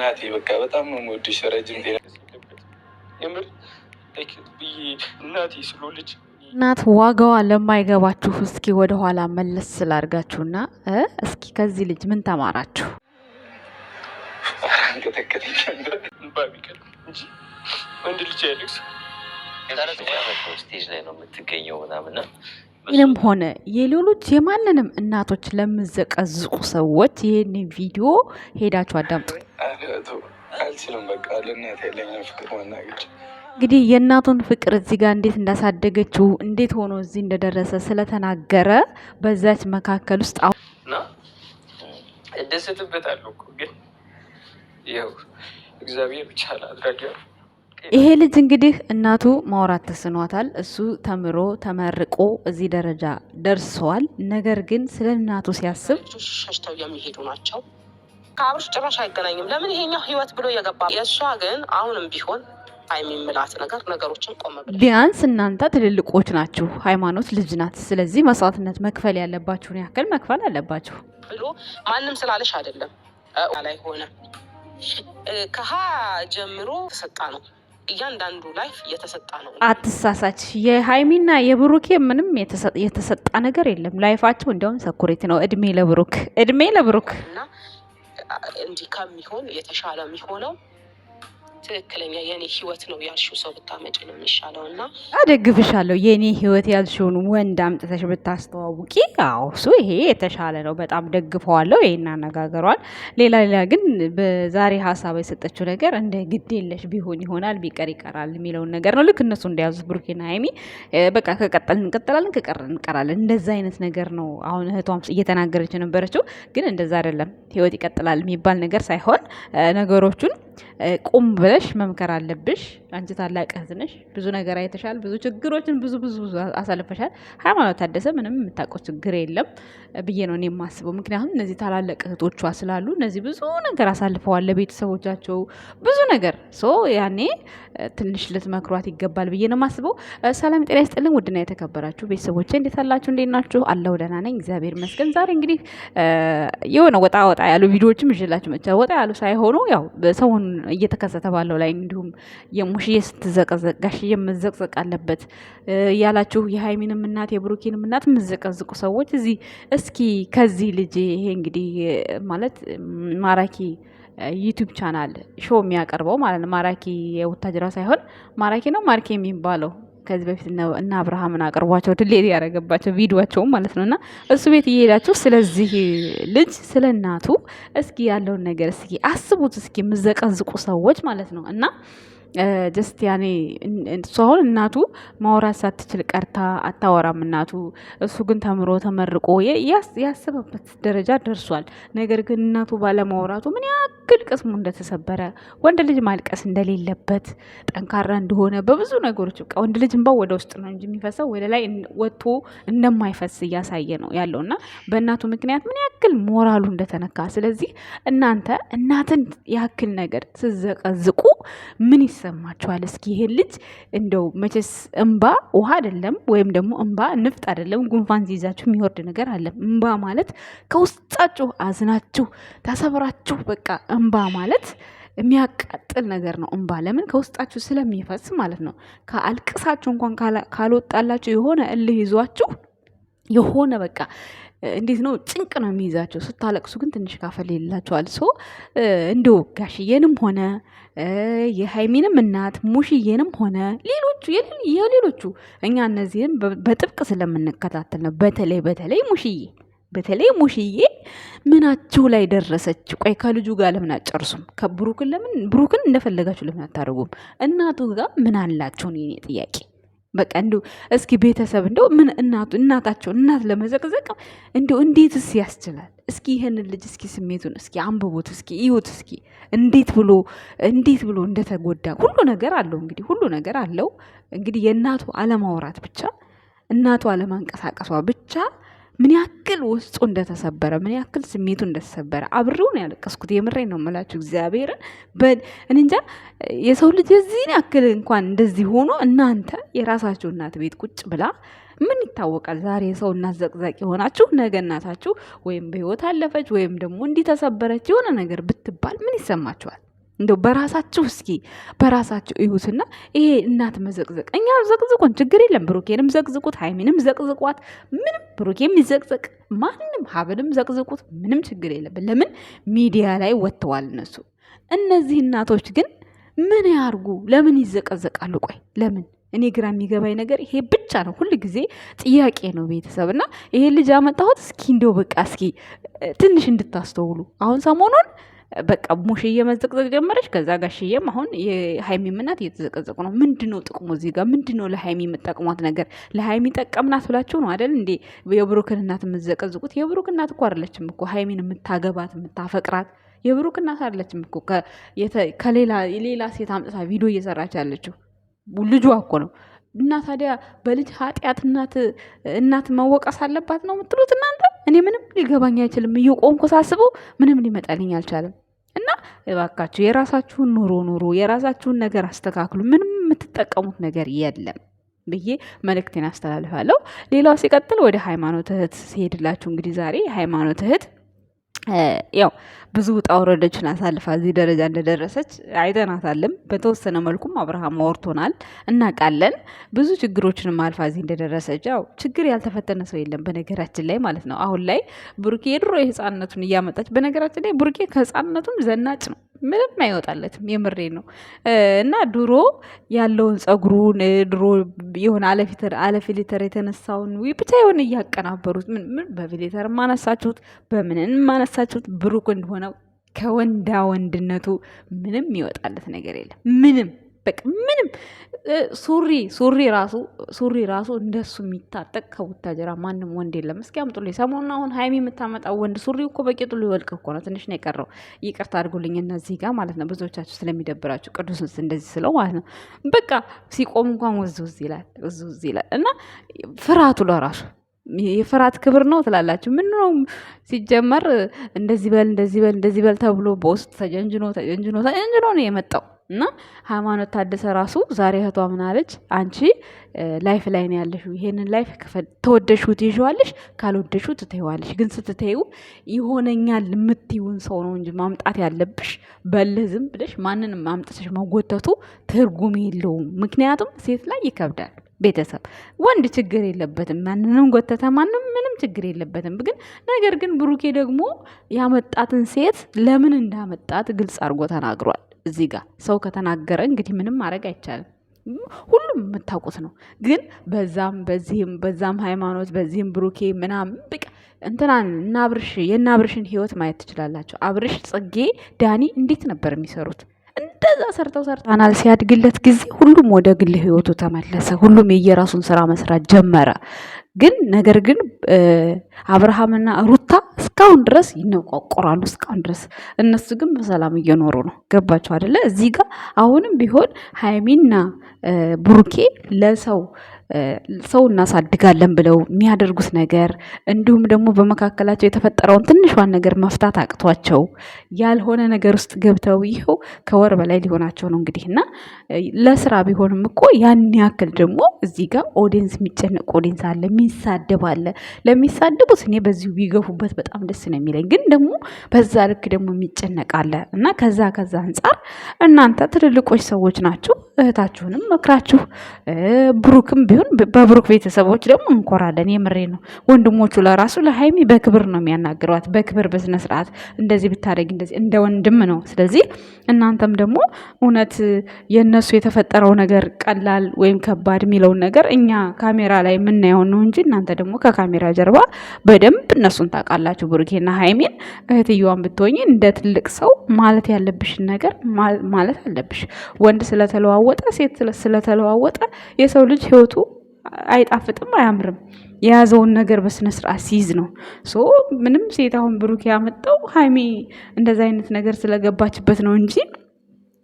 እናቴ በቃ በጣም ነው የምወድሽ። ረጅም ጤና የምር እናቴ ስለሆነች እናት ዋጋዋ ለማይገባችሁ እስኪ ወደኋላ መለስ ስላድርጋችሁና እስኪ ከዚህ ልጅ ምን ተማራችሁ? ይህም ሆነ የሌሎች የማንንም እናቶች ለምዘቀዝቁ ሰዎች ይህን ቪዲዮ ሄዳችሁ አዳምጡ። አልችልም። በቃ ለእናት ያለኝን ፍቅር መናገር እንግዲህ የእናቱን ፍቅር እዚህ ጋር እንዴት እንዳሳደገችው እንዴት ሆኖ እዚህ እንደደረሰ ስለተናገረ በዛች መካከል ውስጥ አሁ እደሰትበታለሁ እኮ ግን ይኸው እግዚአብሔር ብቻ ላድረግ። ይሄ ልጅ እንግዲህ እናቱ ማውራት ተስኗታል። እሱ ተምሮ ተመርቆ እዚህ ደረጃ ደርሰዋል። ነገር ግን ስለ እናቱ ሲያስብ ሸሽተው የሚሄዱ ናቸው ከአብርሽ ጭራሽ አይገናኝም። ለምን ይሄኛው ህይወት ብሎ እየገባ የእሷ ግን አሁንም ቢሆን የሚምላት ነገር ነገሮችን ቆመ ቢያንስ እናንተ ትልልቆች ናችሁ፣ ሃይማኖት ልጅ ናት። ስለዚህ መስዋዕትነት መክፈል ያለባችሁን ያክል መክፈል አለባችሁ ብሎ ማንም ስላለሽ አይደለም ላይ ሆነ ከሀ ጀምሮ ተሰጣ ነው እያንዳንዱ ላይፍ የተሰጣ ነው። አትሳሳች። የሀይሚና የብሩኬ ምንም የተሰጣ ነገር የለም። ላይፋቸው እንዲያውም ሰኩሬት ነው። እድሜ ለብሩክ፣ እድሜ ለብሩክ እንዲህ ከሚሆን የተሻለ የሚሆነው ትክክለኛ የኔ ህይወት ነው ያልሽው ሰው ብታመጪ ነው የሚሻለው። እና አደግፍሻለሁ። የኔ ህይወት ያልሽውን ወንድ አምጥተሽ ብታስተዋውቂ፣ አዎ እሱ ይሄ የተሻለ ነው። በጣም ደግፈዋለሁ ይሄን አነጋገሯል። ሌላ ሌላ ግን በዛሬ ሀሳብ የሰጠችው ነገር እንደ ግድ የለሽ ቢሆን ይሆናል ቢቀር ይቀራል የሚለውን ነገር ነው። ልክ እነሱ እንደያዙት ብሩኬና ሀይሚ በቃ ከቀጠልን እንቀጥላለን፣ ከቀረን እንቀራለን። እንደዛ አይነት ነገር ነው አሁን እህቷም እየተናገረች የነበረችው። ግን እንደዛ አይደለም። ህይወት ይቀጥላል የሚባል ነገር ሳይሆን ነገሮቹን ቁም ብለሽ መምከር አለብሽ። አንቺ ታላቅ እህት ነሽ። ብዙ ነገር አይተሻል። ብዙ ችግሮችን ብዙ ብዙ ብዙ አሳልፈሻል። ሃይማኖት ታደሰ ምንም የምታውቀው ችግር የለም ብዬ ነው እኔ የማስበው። ምክንያቱም እነዚህ ታላላቅ እህቶቿ ስላሉ እነዚህ ብዙ ነገር አሳልፈዋል። ለቤተሰቦቻቸው ብዙ ነገር ሶ ያኔ ትንሽ ልትመክሯት ይገባል ብዬ ነው የማስበው። ሰላም ጤና ይስጥልኝ። ውድና የተከበራችሁ ቤተሰቦቼ እንዴት አላችሁ? እንዴት ናችሁ? አለሁ ደህና ነኝ፣ እግዚአብሔር ይመስገን። ዛሬ እንግዲህ የሆነ ወጣ ወጣ ያሉ ቪዲዮዎችም ይዤላችሁ መቻ ወጣ ያሉ ሳይሆኑ ያው ሰሞኑን እየተከሰተ ባለው ላይ እንዲሁም የሙሽዬ ስትዘቀዘቅ ጋሽዬ መዘቅዘቅ አለበት ያላችሁ የሀይሚንም እናት የብሩኪንም እናት የምዘቀዝቁ ሰዎች እዚህ እስኪ ከዚህ ልጅ ይሄ እንግዲህ ማለት ማራኪ ዩቲዩብ ቻናል ሾው የሚያቀርበው ማለት ነው። ማራኪ የውታጅራ ሳይሆን ማራኪ ነው ማርኬ የሚባለው ከዚህ በፊት እና አብርሃምን አቅርቧቸው ድሌት ያደረገባቸው ቪዲዮቸውም ማለት ነው። እና እሱ ቤት እየሄዳችሁ ስለዚህ ልጅ ስለ እናቱ እስኪ ያለውን ነገር እስኪ አስቡት። እስኪ የምዘቀዝቁ ሰዎች ማለት ነው እና ጀስት ያኔ ሰሆን እናቱ ማውራት ሳትችል ቀርታ አታወራም እናቱ። እሱ ግን ተምሮ ተመርቆ ያሰበበት ደረጃ ደርሷል። ነገር ግን እናቱ ባለማውራቱ ምን ያክል ቅስሙ እንደተሰበረ፣ ወንድ ልጅ ማልቀስ እንደሌለበት፣ ጠንካራ እንደሆነ በብዙ ነገሮች በቃ ወንድ ልጅ እንባ ወደ ውስጥ ነው እንጂ የሚፈሰው ወደ ላይ ወጥቶ እንደማይፈስ እያሳየ ነው ያለው እና በእናቱ ምክንያት ምን ያክል ሞራሉ እንደተነካ። ስለዚህ እናንተ እናትን ያክል ነገር ስዘቀዝቁ ምን ይሰማችኋል? እስኪ ይሄን ልጅ እንደው መቼስ እምባ ውሃ አይደለም፣ ወይም ደግሞ እምባ ንፍጥ አይደለም፣ ጉንፋን ሲይዛችሁ የሚወርድ ነገር አለም። እምባ ማለት ከውስጣችሁ አዝናችሁ ታሰብራችሁ፣ በቃ እምባ ማለት የሚያቃጥል ነገር ነው። እምባ ለምን ከውስጣችሁ ስለሚፈስ ማለት ነው። ከአልቅሳችሁ እንኳን ካልወጣላችሁ የሆነ እልህ ይዟችሁ የሆነ በቃ እንዴት ነው ጭንቅ ነው የሚይዛቸው። ስታለቅሱ ግን ትንሽ ካፈል ይላቸዋል። ሶ እንደ ጋሽዬንም ሆነ የሀይሚንም እናት ሙሽዬንም ሆነ ሌሎቹ የሌሎቹ እኛ እነዚህም በጥብቅ ስለምንከታተል ነው። በተለይ በተለይ ሙሽዬ በተለይ ሙሽዬ ምናችሁ ላይ ደረሰች? ቆይ ከልጁ ጋር ለምን አጨርሱም? ከብሩክን ለምን ብሩክን እንደፈለጋችሁ ለምን አታደርጉም? እናቱ ጋር ምን አላችሁ? እኔ ጥያቄ በቃ እንዲ እስኪ ቤተሰብ እንደው ምን እናቱ እናታቸው እናት ለመዘቅዘቅ እንዲ እንዴትስ ያስችላል? እስኪ ይህንን ልጅ እስኪ ስሜቱን እስኪ አንብቡት፣ እስኪ እዩት፣ እስኪ እንዴት ብሎ እንዴት ብሎ እንደተጎዳ ሁሉ ነገር አለው። እንግዲህ ሁሉ ነገር አለው። እንግዲህ የእናቱ አለማውራት ብቻ እናቱ አለማንቀሳቀሷ ብቻ ምን ያክል ውስጡ እንደተሰበረ ምን ያክል ስሜቱ እንደተሰበረ አብሬው ነው ያለቀስኩት። የምሬ ነው የምላችሁ እግዚአብሔርን እንጃ የሰው ልጅ የዚህን ያክል እንኳን እንደዚህ ሆኖ እናንተ የራሳችሁ እናት ቤት ቁጭ ብላ ምን ይታወቃል? ዛሬ የሰው እናት ዘቅዘቅ የሆናችሁ ነገ እናታችሁ ወይም በህይወት አለፈች ወይም ደግሞ እንዲህ ተሰበረች የሆነ ነገር ብትባል ምን ይሰማችኋል? እንደው በራሳችሁ እስኪ በራሳችሁ እዩትና ይሄ እናት መዘቅዘቅ እኛ ዘቅዝቁን ችግር የለም ብሩኬንም ዘቅዝቁት ሀይሚንም ዘቅዝቋት ምንም ብሩኬ የሚዘቅዘቅ ማንም ሀብልም ዘቅዝቁት ምንም ችግር የለብን ለምን ሚዲያ ላይ ወጥተዋል እነሱ እነዚህ እናቶች ግን ምን ያርጉ ለምን ይዘቀዘቃሉ ቆይ ለምን እኔ ግራ የሚገባኝ ነገር ይሄ ብቻ ነው። ሁል ጊዜ ጥያቄ ነው ቤተሰብ እና ይሄ ልጅ ያመጣሁት እስኪ እንደው በቃ እስኪ ትንሽ እንድታስተውሉ አሁን ሰሞኑን በቃ ሙሽዬ መዘቅዘቅ ጀመረች። ከዛ ጋሽዬም አሁን የሀይሚም እናት እየተዘቀዘቁ ነው። ምንድን ነው ጥቅሙ እዚህ ጋር ምንድን ነው ለሀይሚ የምጠቅሟት ነገር? ለሀይሚ ጠቀምናት ብላችሁ ነው አደል እንዴ የብሩክን እናት የምዘቀዝቁት? የብሩክን እናት እኮ አይደለችም እኮ ሀይሚን የምታገባት የምታፈቅራት የብሩክ እናት አይደለችም እኮ ከሌላ ሌላ ሴት አምጥታ ቪዲዮ እየሰራች ያለችው ልጇ እኮ ነው። እና ታዲያ በልጅ ኃጢአት እናት እናት መወቀስ አለባት ነው የምትሉት እናንተ? እኔ ምንም ሊገባኝ አይችልም። እየቆምኩ ሳስበው ምንም ሊመጣልኝ አልቻለም። እና እባካችሁ የራሳችሁን ኑሮ ኑሮ የራሳችሁን ነገር አስተካክሉ። ምንም የምትጠቀሙት ነገር የለም ብዬ መልእክቴን አስተላልፋለሁ። ሌላው ሲቀጥል ወደ ሃይማኖት እህት ሲሄድላችሁ እንግዲህ ዛሬ ሃይማኖት እህት ያው ብዙ ውጣ ውረዶችን አሳልፋ እዚህ ደረጃ እንደደረሰች አይተናታልም። በተወሰነ መልኩም አብርሃም ወርቶናል እናውቃለን። ብዙ ችግሮችንም አልፋ እዚህ እንደደረሰች ያው ችግር ያልተፈተነ ሰው የለም በነገራችን ላይ ማለት ነው። አሁን ላይ ብሩኬ የድሮ የህፃንነቱን እያመጣች በነገራችን ላይ ብሩኬ ከህፃንነቱም ዘናጭ ነው። ምንም አይወጣለትም። የምሬ ነው። እና ድሮ ያለውን ጸጉሩን ድሮ የሆነ አለፊሊተር የተነሳውን ብቻ የሆነ እያቀናበሩት ምን በፊሊተር ማነሳችሁት በምንን ማነሳችሁት ብሩክ እንደሆነ ከወንዳ ወንድነቱ ምንም ይወጣለት ነገር የለም ምንም በቃ ምንም ሱሪ ሱሪ ራሱ ሱሪ ራሱ እንደሱ የሚታጠቅ ከቡታጀራ ማንም ወንድ የለም። እስኪ አምጡ ላይ ሰሞኑን አሁን ሀይሚ የምታመጣው ወንድ ሱሪ እኮ በቂጡ ሊወልቅ እኮ ነው። ትንሽ ነው የቀረው። ይቅርታ አድርጉልኝ እነዚህ ጋር ማለት ነው። ብዙዎቻችሁ ስለሚደብራችሁ ቅዱስ እንደዚህ ስለው ማለት ነው። በቃ ሲቆም እንኳን ወዝ ውዝ ይላል፣ ወዝ ውዝ ይላል እና ፍርሃቱ ለራሱ የፍርሃት ክብር ነው ትላላችሁ። ምን ነው ሲጀመር እንደዚህ በል እንደዚህ በል እንደዚህ በል ተብሎ በውስጥ ተጀንጅኖ ተጀንጅኖ ተጀንጅኖ ነው የመጣው። እና ሃይማኖት ታደሰ ራሱ ዛሬ እህቷ ምናለች፣ አንቺ ላይፍ ላይ ነው ያለሽው። ይሄንን ላይፍ ተወደሽው ትይዋለሽ፣ ካልወደሽው ትተይዋለሽ። ግን ስትተይው ይሆነኛል የምትይውን ሰው ነው እንጂ ማምጣት ያለብሽ በልህ ዝም ብለሽ ማንንም አምጥተሽ መጎተቱ ትርጉም የለውም። ምክንያቱም ሴት ላይ ይከብዳል። ቤተሰብ ወንድ ችግር የለበትም። ማንንም ጎተተ ማንም ምንም ችግር የለበትም። ግን ነገር ግን ብሩኬ ደግሞ ያመጣትን ሴት ለምን እንዳመጣት ግልጽ አድርጎ ተናግሯል። እዚህ ጋር ሰው ከተናገረ እንግዲህ ምንም ማድረግ አይቻልም። ሁሉም የምታውቁት ነው። ግን በዛም በዚህም በዛም ሃይማኖት በዚህም ብሩኬ ምናምን ብቅ እንትናን እና አብርሽ አብርሽን ህይወት ማየት ትችላላቸው። አብርሽ፣ ጽጌ፣ ዳኒ እንዴት ነበር የሚሰሩት? እንደዛ ሰርተው ሰርተው ሲያድግለት ጊዜ ሁሉም ወደ ግል ህይወቱ ተመለሰ። ሁሉም የየራሱን ስራ መስራት ጀመረ። ግን ነገር ግን አብርሃምና ሩታ እስካሁን ድረስ ይነቋቆራሉ። እስካሁን ድረስ እነሱ ግን በሰላም እየኖሩ ነው። ገባቸው አደለ? እዚህ ጋር አሁንም ቢሆን ሀይሚና ብሩኬ ለሰው ሰው እናሳድጋለን ብለው የሚያደርጉት ነገር እንዲሁም ደግሞ በመካከላቸው የተፈጠረውን ትንሿን ነገር መፍታት አቅቷቸው ያልሆነ ነገር ውስጥ ገብተው ይኸው ከወር በላይ ሊሆናቸው ነው እንግዲህ እና ለስራ ቢሆንም እኮ ያን ያክል ደግሞ እዚህ ጋር ኦዲንስ የሚጨነቅ ኦዲንስ አለ፣ የሚሳደብ አለ። ለሚሳደቡት እኔ በዚሁ ቢገፉበት በጣም ደስ ነው የሚለኝ፣ ግን ደግሞ በዛ ልክ ደግሞ የሚጨነቅ አለ እና ከዛ ከዛ አንጻር እናንተ ትልልቆች ሰዎች ናቸው። እህታችሁንም መክራችሁ ብሩክም ቢሆን በብሩክ ቤተሰቦች ደግሞ እንኮራለን። የምሬ ነው። ወንድሞቹ ለራሱ ለሀይሚ በክብር ነው የሚያናግሯት፣ በክብር በስነ ስርዓት እንደዚህ ብታደረግ እንደዚህ እንደ ወንድም ነው። ስለዚህ እናንተም ደግሞ እውነት የእነሱ የተፈጠረው ነገር ቀላል ወይም ከባድ የሚለውን ነገር እኛ ካሜራ ላይ የምናየው ነው እንጂ እናንተ ደግሞ ከካሜራ ጀርባ በደንብ እነሱን ታውቃላችሁ። ብሩኬና ሀይሚን እህትየዋን ብትሆኝ እንደ ትልቅ ሰው ማለት ያለብሽን ነገር ማለት አለብሽ። ወንድ ስለተለዋወ ስለተለወጠ ሴት ስለተለዋወጠ የሰው ልጅ ህይወቱ አይጣፍጥም፣ አያምርም። የያዘውን ነገር በስነ ስርዓት ሲይዝ ነው። ሶ ምንም ሴት አሁን ብሩክ ያመጣው ሀይሚ እንደዚ አይነት ነገር ስለገባችበት ነው እንጂ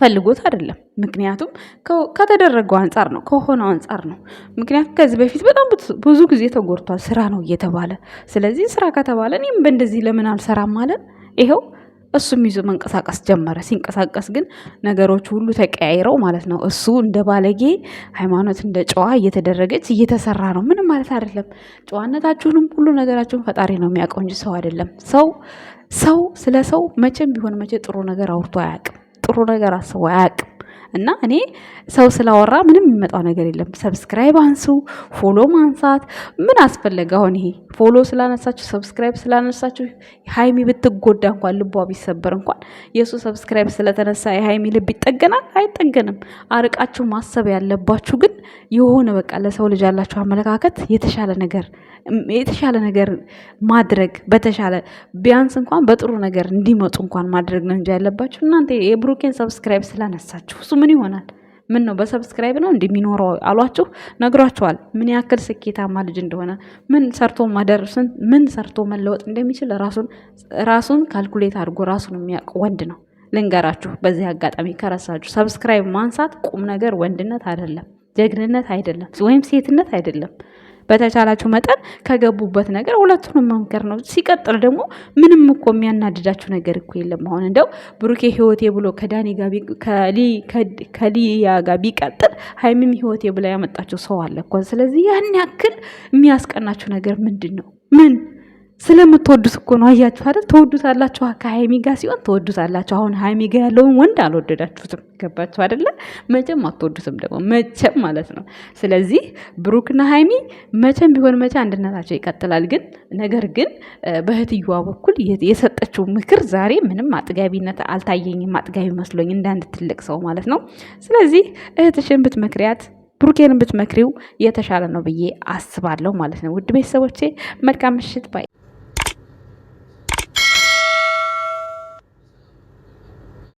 ፈልጎት አይደለም። ምክንያቱም ከተደረገው አንጻር ነው፣ ከሆነው አንጻር ነው። ምክንያቱም ከዚህ በፊት በጣም ብዙ ጊዜ ተጎድቷል። ስራ ነው እየተባለ ስለዚህ ስራ ከተባለ እኔም በእንደዚህ ለምን አልሰራም ማለት ይኸው እሱም ይዞ መንቀሳቀስ ጀመረ። ሲንቀሳቀስ ግን ነገሮች ሁሉ ተቀያይረው ማለት ነው። እሱ እንደ ባለጌ፣ ሃይማኖት እንደ ጨዋ እየተደረገች እየተሰራ ነው። ምንም ማለት አይደለም። ጨዋነታችሁንም ሁሉ ነገራችሁን ፈጣሪ ነው የሚያውቀው እንጂ ሰው አይደለም። ሰው ሰው ስለ ሰው መቼም ቢሆን መቼ ጥሩ ነገር አውርቶ አያውቅም። ጥሩ ነገር አስቦ አያውቅም። እና እኔ ሰው ስላወራ ምንም የሚመጣው ነገር የለም። ሰብስክራይብ አንሱ፣ ፎሎ ማንሳት ምን አስፈለገ? አሁን ይሄ ፎሎ ስላነሳችሁ ሰብስክራይብ ስላነሳችሁ ሀይሚ ብትጎዳ እንኳን ልቧ ቢሰበር እንኳን የእሱ ሰብስክራይብ ስለተነሳ የሀይሚ ልብ ይጠገናል አይጠገንም። አርቃችሁ ማሰብ ያለባችሁ ግን የሆነ በቃ ለሰው ልጅ ያላቸው አመለካከት የተሻለ ነገር የተሻለ ነገር ማድረግ በተሻለ ቢያንስ እንኳን በጥሩ ነገር እንዲመጡ እንኳን ማድረግ ነው እንጂ ያለባችሁ እናንተ የብሩኬን ሰብስክራይብ ስላነሳችሁ እሱ ምን ይሆናል? ምን ነው በሰብስክራይብ ነው እንደሚኖረው አሏችሁ፣ ነግሯችኋል። ምን ያክል ስኬታማ ልጅ እንደሆነ ምን ሰርቶ ማደር ምን ሰርቶ መለወጥ እንደሚችል ራሱን ራሱን ካልኩሌት አድርጎ ራሱን የሚያውቅ ወንድ ነው። ልንገራችሁ በዚህ አጋጣሚ ከረሳችሁ፣ ሰብስክራይብ ማንሳት ቁም ነገር ወንድነት አይደለም። ጀግንነት አይደለም ወይም ሴትነት አይደለም። በተቻላችሁ መጠን ከገቡበት ነገር ሁለቱንም መምከር ነው። ሲቀጥል ደግሞ ምንም እኮ የሚያናድዳችሁ ነገር እኮ የለም። አሁን እንደው ብሩኬ ህይወቴ ብሎ ከዳኒ ከሊያ ጋር ቢቀጥል ሀይሚም ህይወቴ ብላ ያመጣችው ሰው አለ እኮ። ስለዚህ ያን ያክል የሚያስቀናችሁ ነገር ምንድን ነው? ምን ስለምትወዱት እኮ ነው። አያችሁ አይደል? ተወዱታላችሁ። ከሀይሚ ጋር ሲሆን ተወዱታላችሁ። አሁን ሀይሚ ጋር ያለውን ወንድ አልወደዳችሁትም። ገባችሁ አይደለ? መቼም አትወዱትም ደግሞ መቼም ማለት ነው። ስለዚህ ብሩክና ሀይሚ መቼም ቢሆን መቼ አንድነታቸው ይቀጥላል። ግን ነገር ግን በእህትዮዋ በኩል የሰጠችው ምክር ዛሬ ምንም አጥጋቢነት አልታየኝም። አጥጋቢ መስሎኝ እንዳንድ ትልቅ ሰው ማለት ነው። ስለዚህ እህትሽን ብትመክሪያት ብሩኬን ብትመክሪው የተሻለ ነው ብዬ አስባለሁ ማለት ነው። ውድ ቤተሰቦቼ መልካም ምሽት ባይ